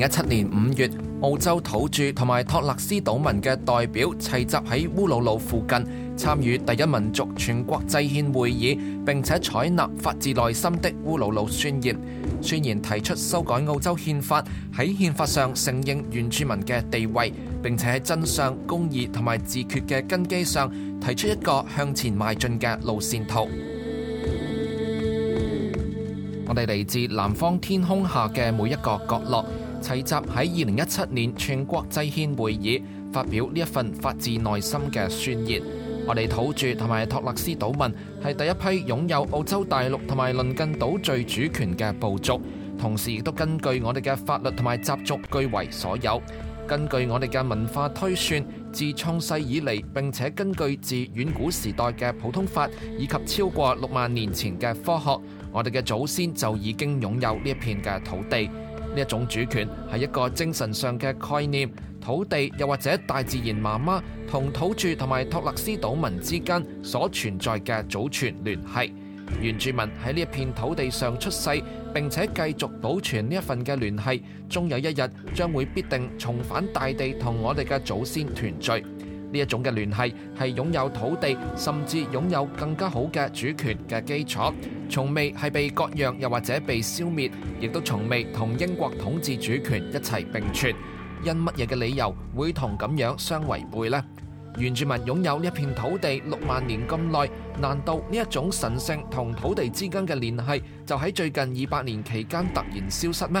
一七年五月，澳洲土著同埋托勒斯島民嘅代表齊集喺烏魯魯附近，參與第一民族全國制憲會議，並且採納發自內心的烏魯魯宣言。宣言提出修改澳洲憲法，喺憲法上承認原住民嘅地位，並且喺真相、公義同埋自決嘅根基上，提出一個向前邁進嘅路線圖。我哋嚟自南方天空下嘅每一個角落。齊集喺二零一七年全國際憲會議，發表呢一份發自內心嘅宣言。我哋土著同埋托勒斯島民係第一批擁有澳洲大陸同埋鄰近島最主權嘅部族，同時亦都根據我哋嘅法律同埋習俗居為所有。根據我哋嘅文化推算，自創世以嚟並且根據自遠古時代嘅普通法以及超過六萬年前嘅科學，我哋嘅祖先就已經擁有呢一片嘅土地。呢一種主權係一個精神上嘅概念，土地又或者大自然媽媽同土著同埋托勒斯島民之間所存在嘅祖傳聯繫。原住民喺呢一片土地上出世，並且繼續保存呢一份嘅聯繫，終有一日將會必定重返大地同我哋嘅祖先團聚。呢一種嘅聯繫係擁有土地，甚至擁有更加好嘅主權嘅基礎，從未係被割讓又或者被消滅，亦都從未同英國統治主權一齊並存。因乜嘢嘅理由會同咁樣相違背呢？原住民擁有一片土地六萬年咁耐，難道呢一種神聖同土地之間嘅聯繫就喺最近二百年期間突然消失咩？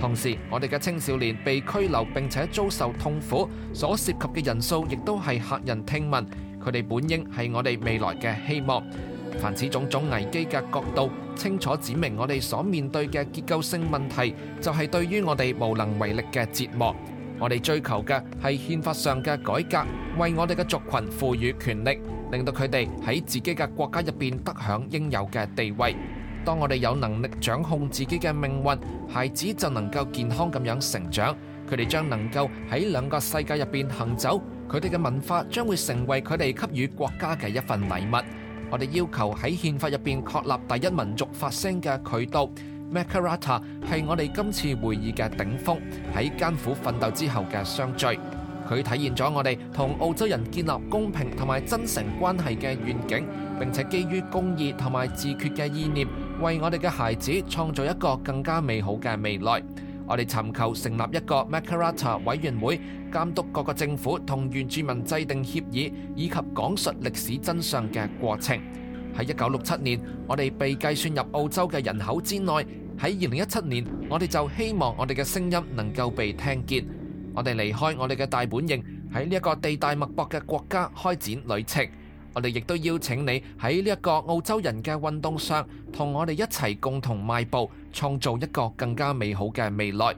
同時，我哋嘅青少年被拘留並且遭受痛苦，所涉及嘅人數亦都係駭人聽聞。佢哋本應係我哋未來嘅希望，凡此種種危機嘅角度清楚指明，我哋所面對嘅結構性問題就係對於我哋無能為力嘅折磨。我哋追求嘅係憲法上嘅改革，為我哋嘅族羣賦予權力，令到佢哋喺自己嘅國家入邊得享應有嘅地位。當我哋有能力掌控自己嘅命運，孩子就能夠健康咁樣成長，佢哋將能夠喺兩個世界入邊行走，佢哋嘅文化將會成為佢哋給予國家嘅一份禮物。我哋要求喺憲法入邊確立第一民族發聲嘅渠道。Makarrata 係我哋今次會議嘅頂峰，喺艱苦奮鬥之後嘅相聚，佢體現咗我哋同澳洲人建立公平同埋真誠關係嘅願景，並且基於公義同埋自決嘅意念。為我哋嘅孩子創造一個更加美好嘅未來。我哋尋求成立一個 Makarata 委員會，監督各個政府同原住民制定協議，以及講述歷史真相嘅過程。喺一九六七年，我哋被計算入澳洲嘅人口之內；喺二零一七年，我哋就希望我哋嘅聲音能夠被聽見。我哋離開我哋嘅大本營，喺呢一個地大物博嘅國家開展旅程。我哋亦都邀請你喺呢一個澳洲人嘅運動上，同我哋一齊共同邁步，創造一個更加美好嘅未來。